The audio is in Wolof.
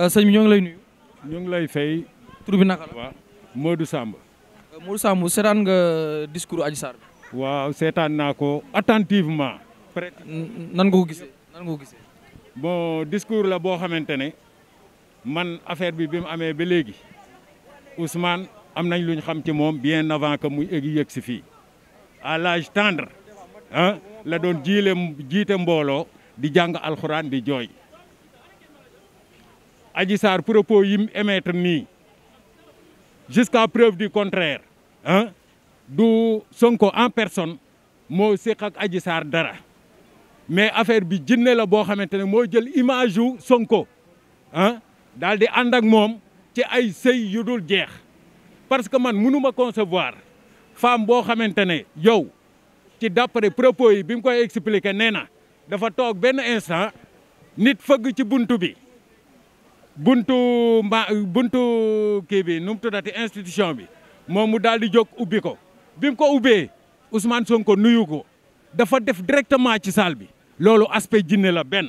Euh, sëñ bi ñoo ngi lay nuyu. ñoo ngi lay fay. tur bi naka la waaw Samb. Euh, Modou Samb seetaan nga discours Adji Sarr. waaw seetaan naa ko attentivement. nan nga ko gisee nan nga ko gisee. bon discours la boo xamante ne man affaire bi bi mu amee ba léegi Ousmane am nañ luñ xam ci moom bien avant que muy yëg si fii à lage tendre ah la doon jiile jiite mbooloo di jàng alxuraan di jooy. Adji propos yi émettre jusqu'à preuve du contraire d'où hein, du Sonko en personne moi séq ak dara mais affaire bi jinne la bo xamante ne je jël Sonko hein di ak mom ci ay jeex parce que man mënuma concevoir femme bo xamante ne yow ci d'après propos yi bim koy expliquer néna dafa tok ben instant nit feug ci buntu buntu mba buntu kii bi nu mu tuddati institution bi moom daal di jóg ubbi ko bi mu ko ubbee Ousmane ko nuyu ko dafa def directement ci salle bi loolu aspect jinne la benn